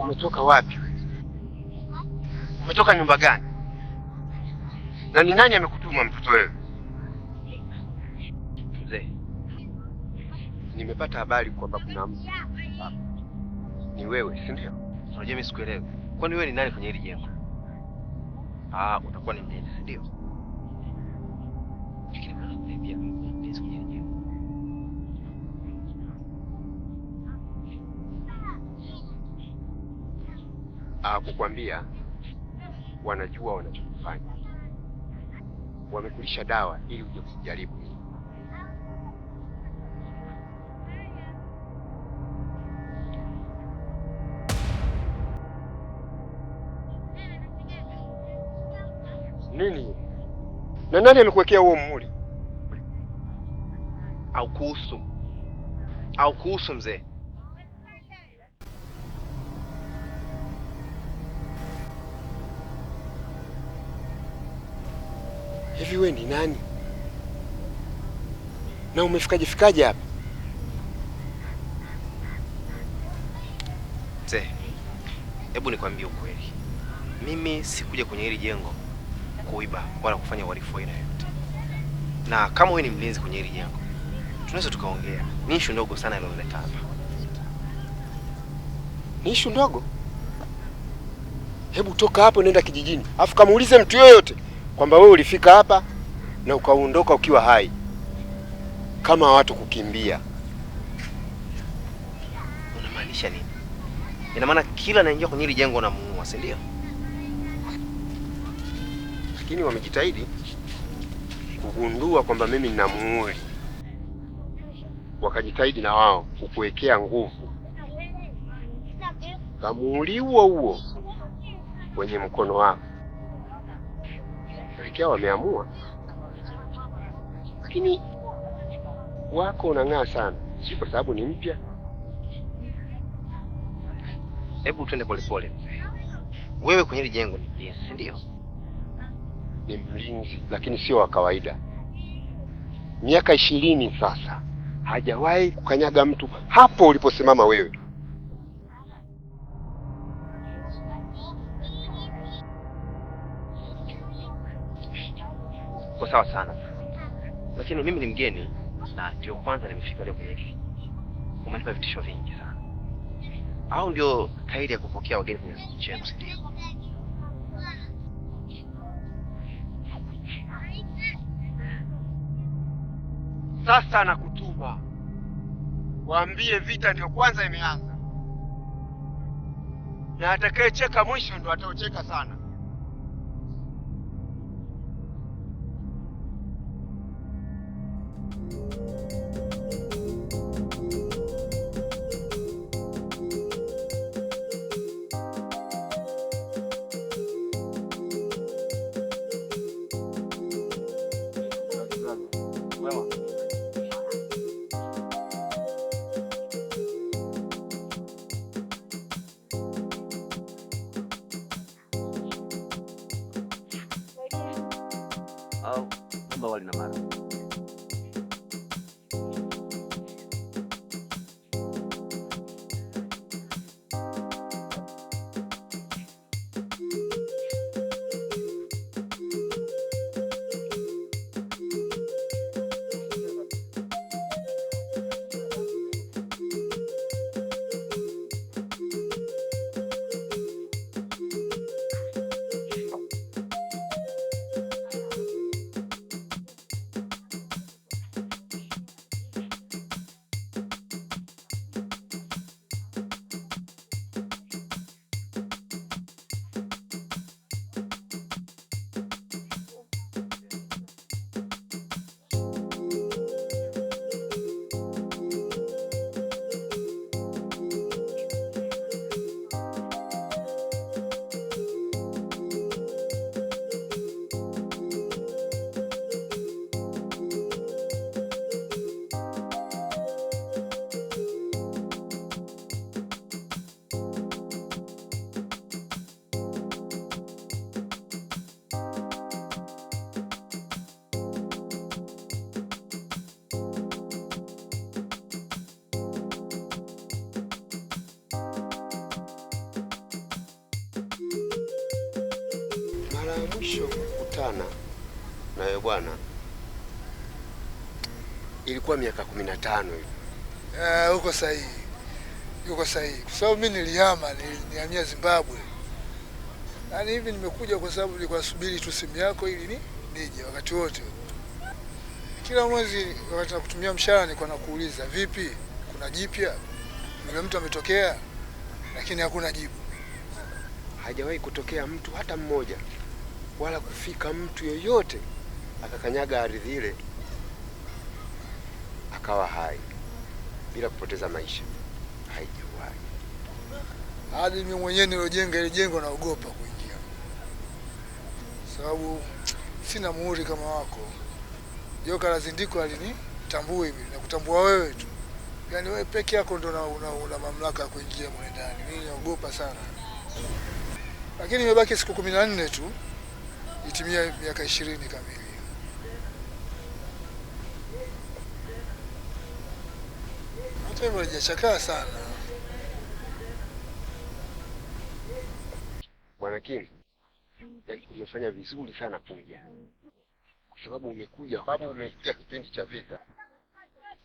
Umetoka wapi? Umetoka nyumba gani? Na ni nani amekutuma mtoto wewe? Mzee, nimepata habari kwamba kuna mtu ni wewe, si ndio? Unajua mimi sikuelewi. Kwani wewe ni nani kwenye hili jengo? Ah, utakuwa ni mlinzi, si ndio? Ah, kukwambia wanajua wanachokifanya wamekulisha dawa ili uje kujaribu. Nini? Na nani amekuwekea huo muhuri? Au kuhusu au kuhusu mzee hivi we ni nani na umefikaje fikaje hapa? Hebu nikwambie ukweli, mimi sikuja kwenye hili jengo kuiba wala kufanya uhalifu aina yoyote, na kama wewe ni mlinzi kwenye hili jengo tunaweza tukaongea. Ni ishu ndogo sana iliyoleta hapa. Ni ishu ndogo? Hebu toka hapo, nenda kijijini, afu kamuulize mtu yoyote kwamba wewe ulifika hapa na ukaondoka ukiwa hai kama watu kukimbia. Unamaanisha nini? Ina maana kila naingia kwenye hili jengo namuua, si ndio? Lakini wamejitahidi kugundua kwamba mimi nina muuli wakajitahidi na wao kukuwekea nguvu kamuuli huo huo kwenye mkono wako rafiki yao wameamua, lakini wako unang'aa sana, si kwa sababu ni mpya. Hebu twende polepole. Wewe kwenye hili jengo ni mlinzi, si ndio? Ni mlinzi, lakini sio wa kawaida. Miaka ishirini sasa hajawahi kukanyaga mtu hapo uliposimama wewe. Uko sawa sana, lakini mimi ni mgeni na ndio kwanza nimefika leo kwenye kijiji. Umenipa vitisho vingi sana, au ndio kaidi ya kupokea wageni kwenye kijiji chetu? Sasa nakutuma waambie, vita ndio kwanza imeanza, na atakayecheka mwisho ndo ataocheka sana. Oh, bawal na parang. ya mwisho kukutana na wewe bwana ilikuwa miaka kumi na tano hivi. Uh, uko sahihi, uko sahihi kwa sababu mimi nilihama, nilihamia Zimbabwe, yaani hivi nimekuja kwa sababu nilikuwa nasubiri tu simu yako ili ni nije wakati wote kila mwezi wakati nakutumia mshahara nilikuwa nakuuliza, vipi, kuna jipya? Yule mtu ametokea? Lakini hakuna jibu, hajawahi kutokea mtu hata mmoja wala kufika mtu yoyote akakanyaga ardhi ile akawa hai bila kupoteza maisha, haijawahi. Hadi mimi mwenyewe nilojenga ile jengo naogopa kuingia, sababu sina muhuri kama wako. Joka la Zindiko alinitambua hivi na kutambua wewe tu, yaani wewe peke yako ndo una mamlaka ya kuingia mwendani. ndani. Mimi naogopa sana, lakini imebaki siku kumi na nne tu itimia miaka ishirini kamili. Hata hivyo haijachakaa sana. Bwana Kim, yaani umefanya vizuri sana kuja, kwa sababu umekuja babu, umekuja kipindi cha vita.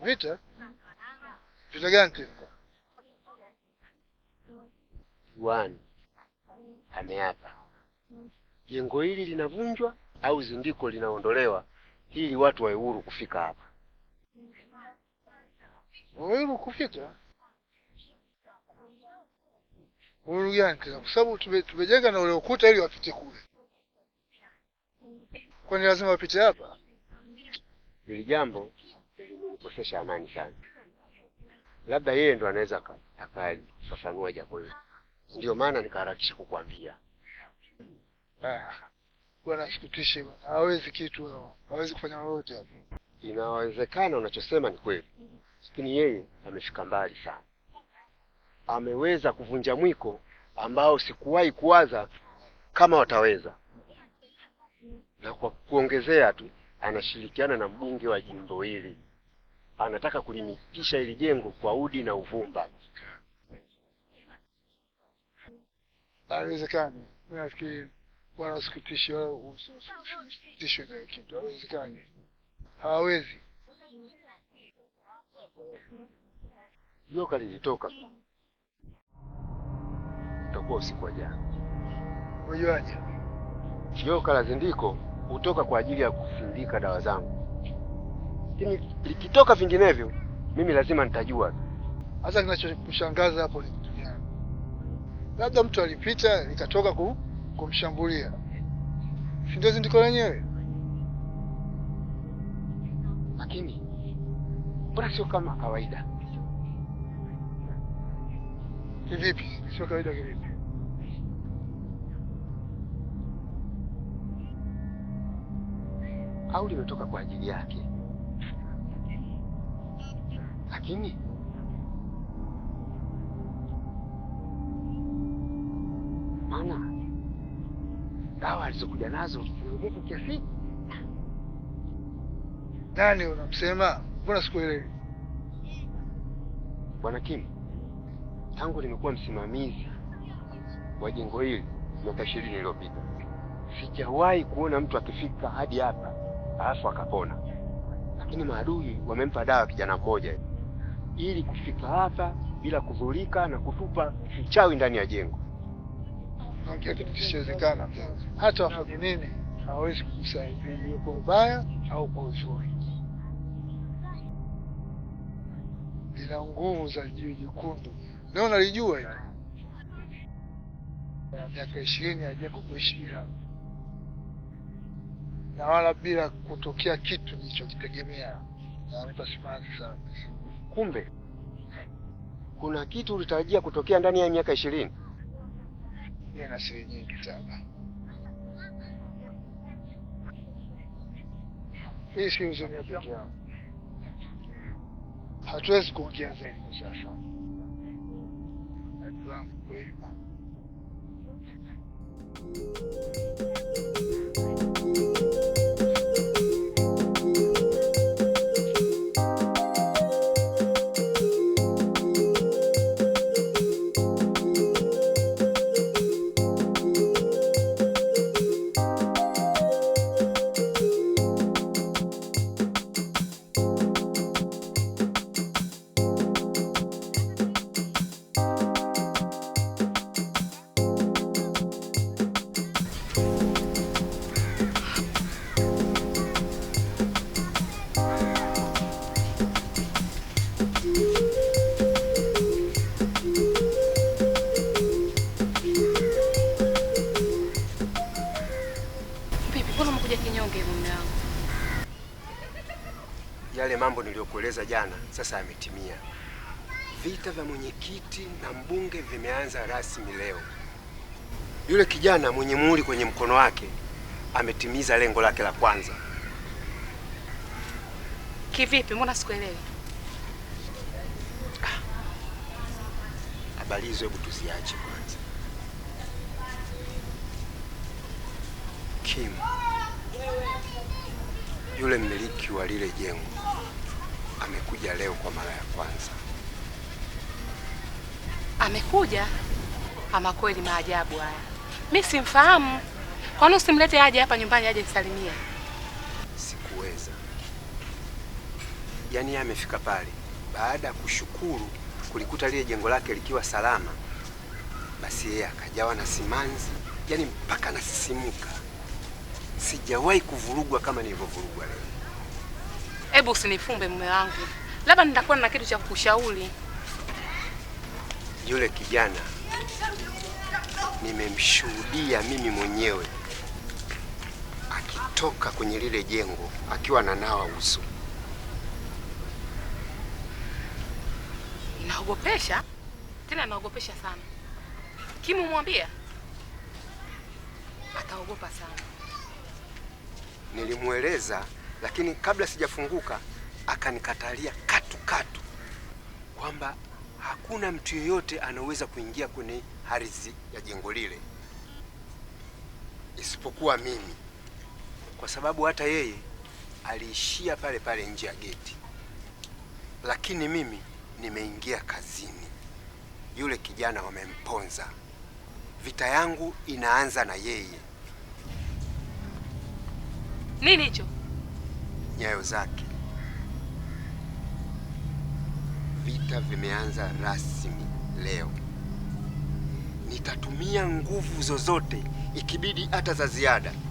Vita vita gani tena? Juan ameapa jengo hili linavunjwa au zindiko linaondolewa ili watu wawe huru kufika hapa. Huru kufika huru gani tena? Kwa sababu tumejenga na ule ukuta ili wapite kule, kwani lazima wapite hapa? Hili jambo kukosesha amani sana. Labda yeye ndo anaweza akafafanua jambo hili, ndio maana nikaharakisha kukwambia. Ah, bwana bwana, hawezi kitu no. hawezi kufanya lolote Inawezekana unachosema ni kweli, lakini yeye amefika mbali sana, ameweza kuvunja mwiko ambao sikuwahi kuwaza kama wataweza. Na kwa kuongezea tu, anashirikiana na mbunge wa jimbo hili, anataka kulimitisha hili jengo kwa udi na uvumba. Haiwezekani, nafikiri wanasikitisha tisho kitu hawezekani, hawawezi joka lilitoka, utakuwa usiku wa jana. Unajuaje? Joka la zindiko hutoka kwa ajili ya kusindika dawa zangu, lakini likitoka vinginevyo mimi lazima nitajua. Hasa kinachokushangaza hapo ni Labda mtu alipita nikatoka ku kumshambulia. Ndio zindiko lenyewe. Lakini mbona sio kama kawaida? Kivipi? Sio kawaida kivipi? Au limetoka kwa ajili yake? Lakini maana dawa alizokuja nazo zilizidi kiasi Nani unamsema? Mbona sikuelewi? Bwana Kim, tangu nimekuwa msimamizi wa jengo hili miaka ishirini iliyopita sijawahi kuona mtu akifika hadi hapa alafu akapona, lakini maadui wamempa dawa kijana mmoja ili kufika hapa bila kudhulika na kutupa uchawi ndani ya jengo anaongea kitu kisichowezekana. Hata wafanye nini, hawezi kukusaidia kwa ubaya au kwa uzuri. Lina nguvu za jiwe jekundu. Leo nalijua hilo, miaka ishirini hajapo kuishi na wala bila kutokea kitu nilichokitegemea. Nanipa simanzi sana. Kumbe kuna kitu ulitarajia kutokea ndani ya miaka ishirini? Yeye na siri nyingi sana. Hii si huzuni ya peke yao, hatuwezi kuongea zaidi kwa sasa. Adlangu kwema nilivyokueleza jana sasa ametimia. Vita vya mwenyekiti na mbunge vimeanza rasmi leo. Yule kijana mwenye muhuri kwenye mkono wake ametimiza lengo lake la kwanza. Kivipi? Mbona sikuelewi? Ah. Habari hizo hebu tuziache kwanza. Kim, yule mmiliki wa lile jengo amekuja leo kwa mara ya kwanza. Amekuja ama kweli, maajabu haya. Mimi simfahamu. Kwani usimlete aje hapa nyumbani, aje nisalimie? Sikuweza. Yaani amefika pale baada ya kushukuru kulikuta lile jengo lake likiwa salama, basi yeye akajawa na simanzi, yaani mpaka nasisimuka. Sijawahi kuvurugwa kama nilivyovurugwa leo. Hebu usinifumbe mume wangu, labda nitakuwa na kitu cha kukushauri. Yule kijana nimemshuhudia mimi mwenyewe akitoka kwenye lile jengo akiwa ananawa uso. naogopesha tena, naogopesha sana. Kimumwambia ataogopa sana. Nilimweleza lakini kabla sijafunguka akanikatalia katu katu kwamba hakuna mtu yeyote anaweza kuingia kwenye harizi ya jengo lile isipokuwa mimi, kwa sababu hata yeye aliishia pale pale nje ya geti, lakini mimi nimeingia kazini. Yule kijana wamemponza. Vita yangu inaanza na yeye. Nini hicho? nyayo zake. Vita vimeanza rasmi leo. Nitatumia nguvu zozote, ikibidi hata za ziada.